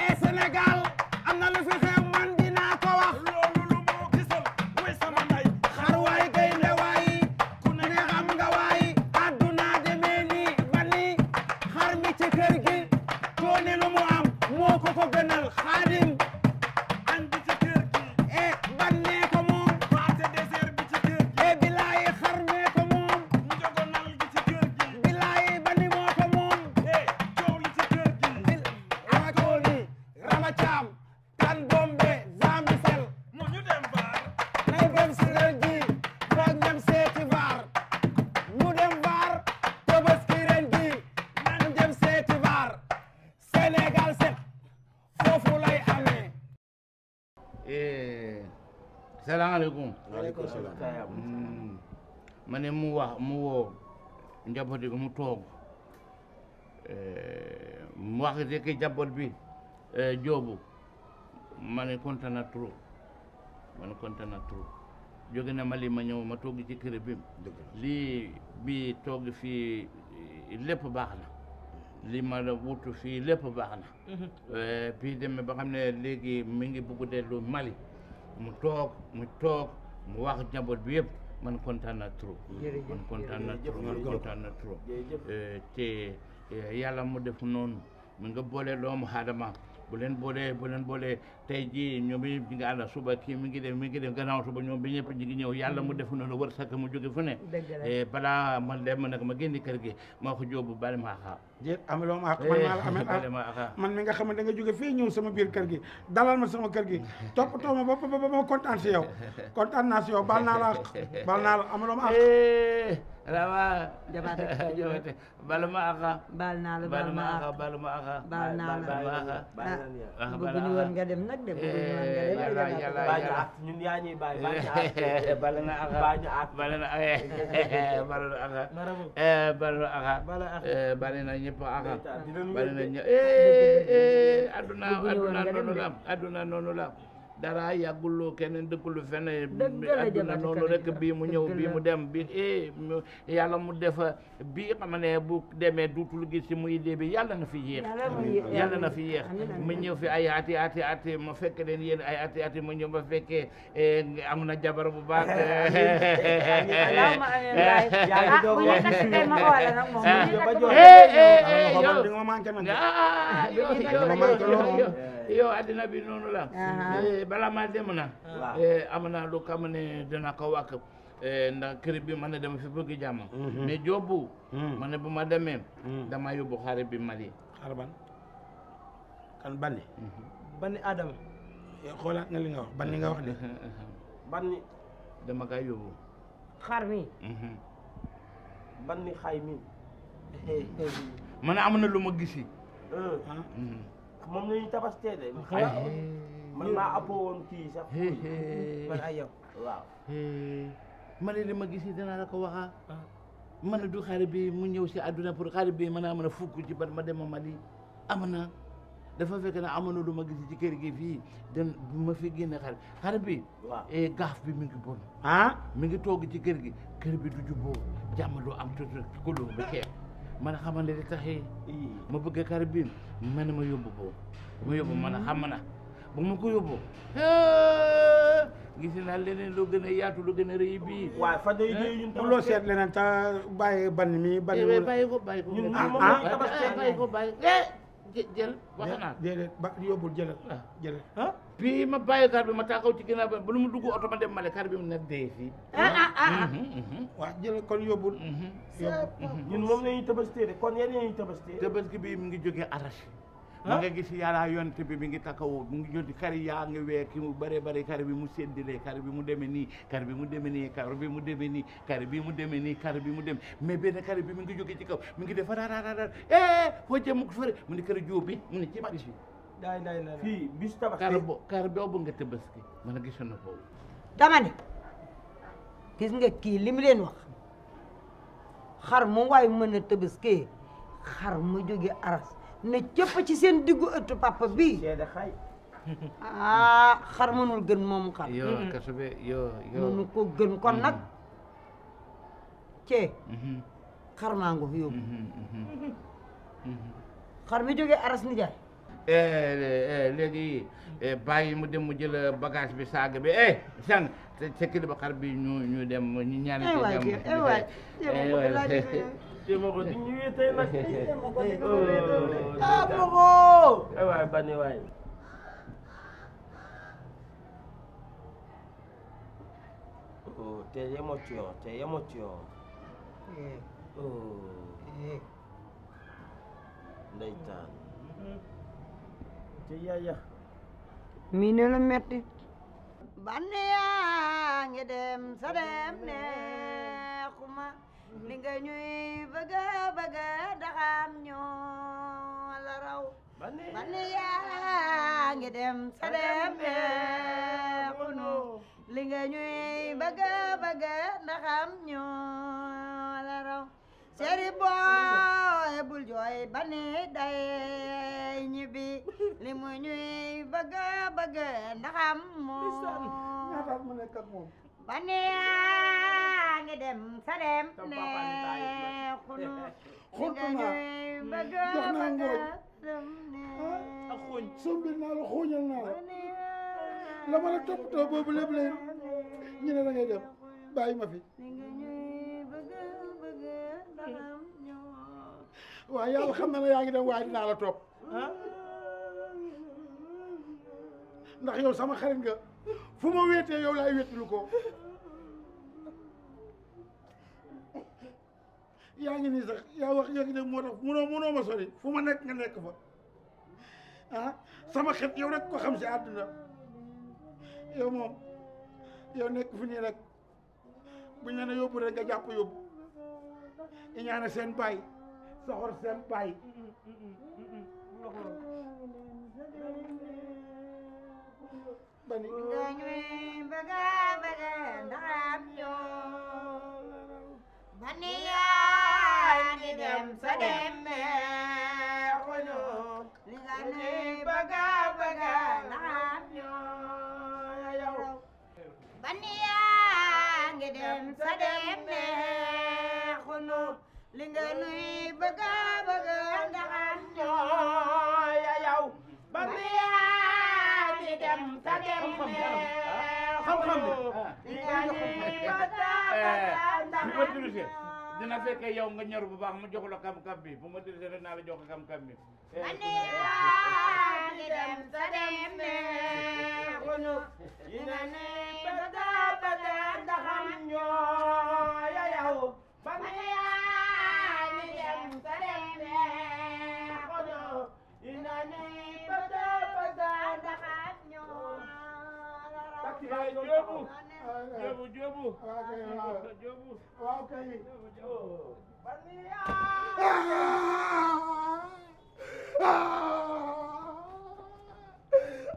e Sénégal am na lu fi xew salaamaaleykum. waaleykum salaam. Hmm. ma ne mu wax mu woo njaboot bi mu toog eh, mu wax dëkk njaboot bi eh, joobu ma ne kontaan na trop ma ne kontaan na trop jóge na Mali ma ñëw ma toog ci kër bi lii bi toog fii lépp baax na lii ma la wutu fii lépp baax na. Mhm. Eh, bii demee ba xam ne léegi mu ngi bugg dellu Mali. mu toog mu toog mu wax njaboot bi yëpp man kontaan na trop. man kontaan na trop man kontaan na trop. te eh, yàlla mu def noonu mun nga boole doomu aadama bu leen boolee bu leen boolee tey jii ñoom ñëpp ñu ngi ànd suba kii mi ngi dem mi ngi dem gannaaw suba ñoom bi ñëpp ñu ngi ñëw yàlla mu mm. def noonu war sakk mu jóge fu ne. Eh, balaa man dem nag ma génn kër gi ma ko jóobu bali ma xaar. déet ameloo ma àq la amel àq man mi nga xam ne da nga jóge sama biir kër gi dalal ma sama kër gi toppatoo ma ba ba ba ma kontaan si yow kontaan naa si yow baal naa la àq baal naa la ameloo ma àq rawa jabaate jabaate baal ma naa la baal ma àq baal ma àq baal naa la baal ma àq bëgg ñu woon de na àq baañu àq baal na àq baal na àq ñëpp axa bari na ñëpp adduna adduna noonu la am adduna noonu la dara yàgguloo keneen dëkkulu fenn adduna noonu rek bii mu ñëw bii mu dem bii eh yàlla mu defa bii xam bu demee duutul gis ci mu dee bi yàlla na fi yéex yàlla na fi yéex ma ñëw fi ay ati ati ma fekk leen yéen ay ati ati ma ñëw ma fekkee eh, am na jabar bu baax eh, eh, ah, ma yow addina bi noonu la eh, bala ma dem na eh, am na lu xam ne dina ko wàkk eh, ndax kër bi man ne fi bëgg jàmm mhm. mais jobbu mhm. man bu ma demee mhm. dama yóbbu xare bi Mali xar ban kan banni banni Adama xoolaat nga li nga wax banni nga wax de banni dama kay yóbbu xar mi banni xay mi man a am na lu ma gisi moom la ñu tabaskee de. Ah, man maa appoo woon kii sax. man ay yow ma ne dama gis dinaa la ko waxaa. Ah. Ah. du xale bi mu ñëw si àdduna pour xale bi mën naa a fukk ci bat ma dem Mali am na dafa fekk na amoon na lu ma gis ci kër gi fii dem ma fi génne xale xale bi. waaw eh, bi mi ngi bon. ah mi ngi toog ci kër gi kër bi du juboo jàmm am tuuti ko loolu ba ceeb. man a xamal ne li taxee ma bëgg carabine ma ne ma yóbbu boobu ma yóbbu man a xam na bu ma ko yóbbu gis naa leneen loo gën a yaatu lu gën a rëy bii. fa day day ñun. Eh, bu loo seet leneen ta bàyyi ban mi ban eh, mii bàyyi ko bàyyi ko ñun eh, ah, ah. bàyyi ko jël wax naa. déedéet ba yóbbul jëlal ah. jëlal ah. bii ma bàyyi kar bi ma taxaw ci ginnaaw ba lu mu dugg oto ma dem male kar bi mu ne dee fii. ah ah, ah, ah. Mhm, mhm. wax jël kon yóbbul. Mhm, ñun moom la ñuy tabaski de kon yéen ñuy tabaski. tabaski bi mu ngi jógee arraché. Ah? ma nga gis yàlla yonte bi mi ngi takkawu mu ngi joti kari yaa ngi wee ki mu bare bare kari bi mu séddilee kari bi mu deme nii kari bi mu deme nii kari bi mu deme nii kari bi mu deme nii kari bi mu dem mais benn kari bi mi ngi jóge ci kaw mi ngi def raaraaraar eh foo jëm mu ko fëre mu ne kari jóob bi mu ne ci bi day day la fii bis tabaski kar bo kar boobu nga tabaski man gisoon na foofu dama gis nga kii li leen wax xar mu waay mën a tabaski xar mu jóge aras ne cëpp ci seen diggu ëttu papa bii xay ah xar mënul gën moom xar yoo kasube ko gën kon nag cee mm-hmm. xar maa ngi fi yóbbu mm-hmm, mm-hmm. xar mi jóge aras ni Eh, eh, léegi eh, bàyyi mu dem mu jël bagage bi saag bi eh sang sa kilifa xar bi ñu ñu dem ñu ñaan ci dem waay jéema ko di ñu wéetee nag oh, ah oh, bogo ay oh. waay bani waay mii ne la metti banni yaa ngi dem sa dem neexuma li nga ñuy bëgga bëgga daxam ñoo la raw banni yaa ngi dem sa dem neexunu li nga ñuy bëgga bëgga daxam ñoo la raw seri boo bul ba ne day ñibbi li mu ñuy bëgg bëgg ndaxam moom mu nekk ak moom ba ne yaa ngi dem sa dem hmm. ne xunu ah, xunu ñuy bëgg bëgg sam ne xuñ sombi naa la xuñal naa la la ma la toppatoo boobu lépp leen ñu ne da ngay waaw yàlla xam na ne yaa ngi dem waaye dinaa la topp ah ndax yow sama xarit nga fu ma wéetee yow laay wéetulu ko yaa ngi nii sax yaa wax yaa ngi ne moo tax munoo munoo ma sori fu ma nekk nga nekk fa ah, sama xet yow rek ko xam si àdduna yow moom yow nekk fu nii rek buñ la ne yóbbu rek nga jàpp yóbbu i ñaane seen bàyyi soxor seen baay bani xam-xam bi xam-xam bi dina fekk yow nga ñor bu baax ma jox la kam-kam bi bu ma dirigé rek naa la jox kam-kam bi. ane yaa ngi dem sa dem neexunu dina ne bata bata ndaxam ñoo ya yow ba jóobu jóobu jóobu jóobu waaw kay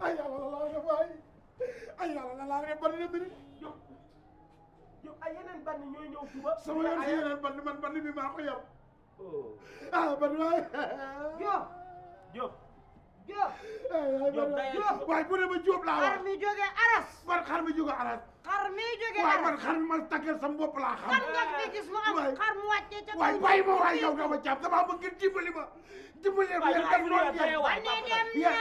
ay yàlla la la waay ay yàlla la la rek bari na bari jóg jóg ay yeneen bandi ñooy ñëw suba sama yoon si yeneen bandi man bandi bi maa ko yor oh. ah bandi waay jóg jóg Eh, waaye bu dee ba Diop laa wax xar mi jógee aras man xar mi jógee aras xar mi jógee aras waaye man xar mi ma tàggal sama bopp laa xam kan nga fi gis mu am xar mu wàccee ca waaye bàyyi ma waaye yow dama jàpp dama bëgg ngeen dimbali ma dimbali ma yéen daf doon jeex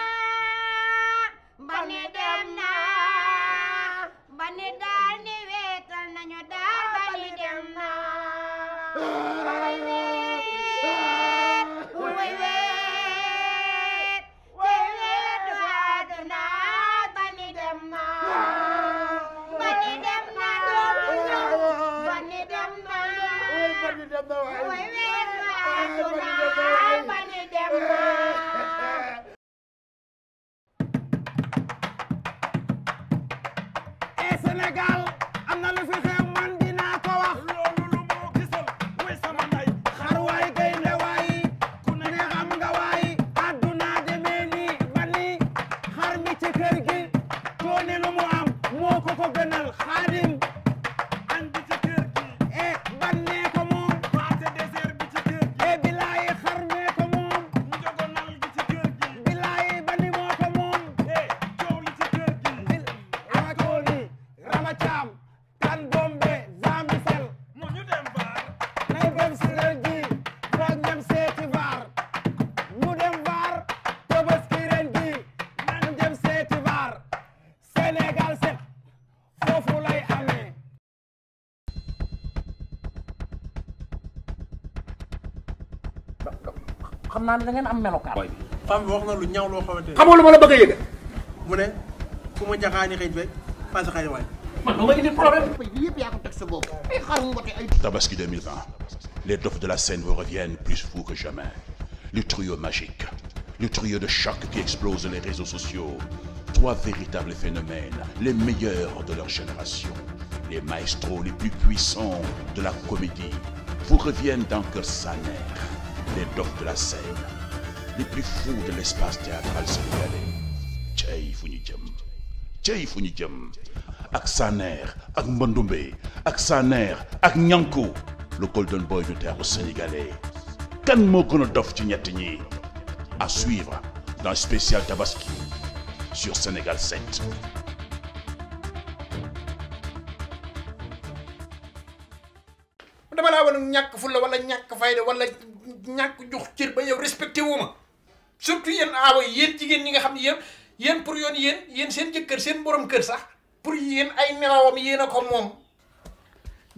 ba ne dem naa ba ne dem naa ba ne daal ni weetal nañu daal ah, ba ne dem naa Sénégal am na lu fi xew xam naa ne da am melokaan. femme na lu ñaaw loo xamante ne. xamoo lu ma la bëgg a yëg. mu ne ku ma jaxaani xëy be paase xëy waay. man ma indi problème. sa bopp. ay xar mu ay. Tabaski 2020 les dofs de la scène vous reviennent plus fous que jamais le trio magique le trio de choc qui explose les réseaux sociaux trois véritables phénomènes les meilleurs de leur génération les maestros les plus puissants de la comédie vous reviennent dans Kër Saner. les docs de la scène les plus fous de l'espace théâtral sénégalais cey fu ñu jëm cey fu ñu jëm ak Saner ak Mbandumbe ak Saner ak Ñanku le golden boy du théâtre sénégalais kan moo gën dof ci ñett ñi à suivre dans spécial Tabaski sur Sénégal 7. ñàkk jox cër ba yow respecté wu ma surtout yéen aawa yéen jigéen ñi nga xam ne yéen yéen pour yoon yéen yéen seen jëkkër seen borom kër sax pour yéen ay nelawam yéen a ko moom.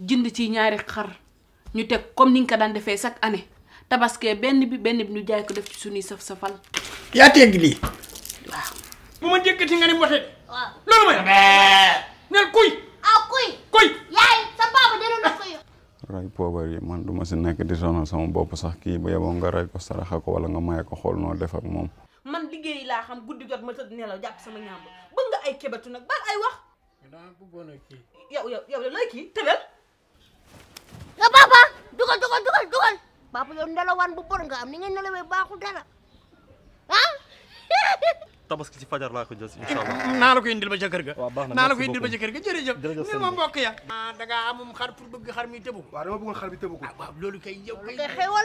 jënd ci ñaari xar ñu teg comme ni nga ko daan defee chaque année tabaske benn bi benn bi ñu jaay ko def ci suñuy saf-safal. yaa tegg lii. waaw. bu ma njëkkati nga ni mbote. loolu mooy. ray poobar yi man du ma si nekk di sonal sama bopp sax kii ba yeboo nga ray ko ko wala nga maye ko xool noo def moom man liggéey laa xam guddi jot ma tëdd nelaw jàpp sama ñaam bëgg nga ay kebatu nag ay wax yow yow yow lay kii tëbel nga dugal dugal dugal dugal papa yow nelawaan bu bon nga am ni nga nelawee baaxul dara tabaski ci fajar laa ko jël inchaallah eh, naa la ko indil ba ca kër ga naa la ko indil ba ca kër ga jërëjëf ni ma mbokk ya ah, da ngaa amum xar pour bëgg xar mi tëbu waaw dama bëggoon xar mi tëbu ko ah, waaw loolu kay la yow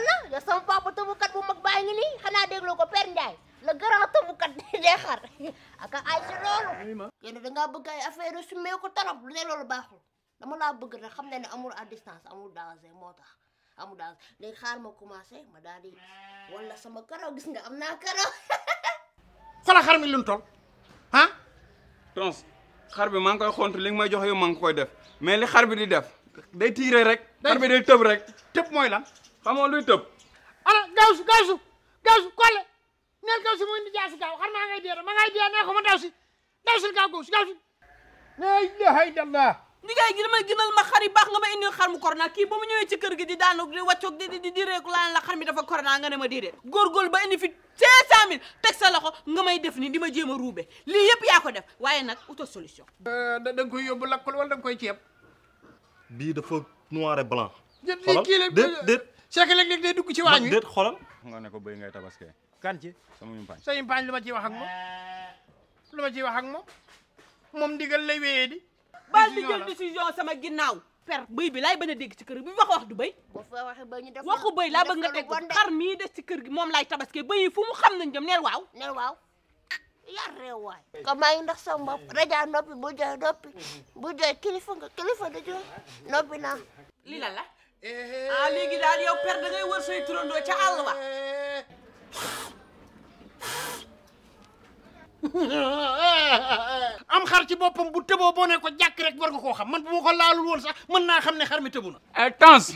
sama papa tëbukat bu mag baa ngi nii aka ay ci loolu yéen da bëgg ay affaire su ko trop lu loolu baaxul dama laa bëgg rek xam ne ne amul à distance amul danger moo tax amul danger léegi xaar ma commencé ma daal di wala sama karaw gis nga am naa karaw xoolal xar mi lu mu toll ah. tons xar bi maa ngi koy xontu li nga jox yow maa ngi koy def mais li xar bi di def day tiire rek. xar bi tëb rek. tëb mooy lan. xamoo luy tëb. ala gawsu gawsu gawsu kolle neel gawsu mu indi jaasi gaaw xar maa ngay dee ma ngay dee nee ko ma daw si daw si gaaw gawsu gawsu. la ilaha illallah. liggéey gi dama gënal ma xar yi baax xarmu corona kii ba mu ñëwee ci kër gi di daanu di wàccoog di di di reeku laan la xar mi dafa corona nga ne ma déedéet góorgóorlu ba indi fi 500000 teg sa loxo nga may def nii di ma jéem a ruube lii yëpp yaa ko def waaye nag auto solution euh, da da nga koy yóbbu lakkul wala da nga koy ceeb bii dafa noir et blanc xoolal déet déet Cheikh léeg-léeg day dugg ci waañ wi déet xoolal nga ne ko bëy ngay tabaskee kan ci sama yumpaañ sa yumpaañ lu ma ciy wax ak moom lu ma ciy wax ak moom moom ndigal lay wéyee di baal di jël sama ginnaaw per bëy bi laay bañ a dégg ci kër gi bu ñu wax wax du bëy waxu bëy la bëgg nga teg xar mii des ci kër gi moom laay tabaske bëy yi fu mu xam nañ jëm neel waaw neel waaw yar réew waay comme maa ngi ndax sama bopp rajaa noppi bu jooy noppi bu jooy kilifa nga kilifa da jooy noppi naa lii lan la ah daal yow per da ngay wër say turandoo ca wa xar ci boppam bu tëboo boo ne ko jàkk rek war nga koo xam man bu ma ko laalul woon sax mën naa xam ne xar mi tëbu na eh, Tange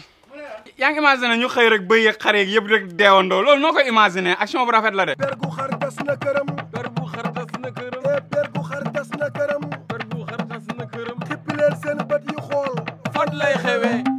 yaa ngi imaginer ñu xëy rek bëy yeeg xar yeeg yëpp rek deewandoo loolu noo ko imaginer action bu rafet la de per gu xar tas na këram per gu xar tas na këram per eh, gu xar tas na këram per gu xar tas na këram xippileel seen bët yi xool fan lay xewee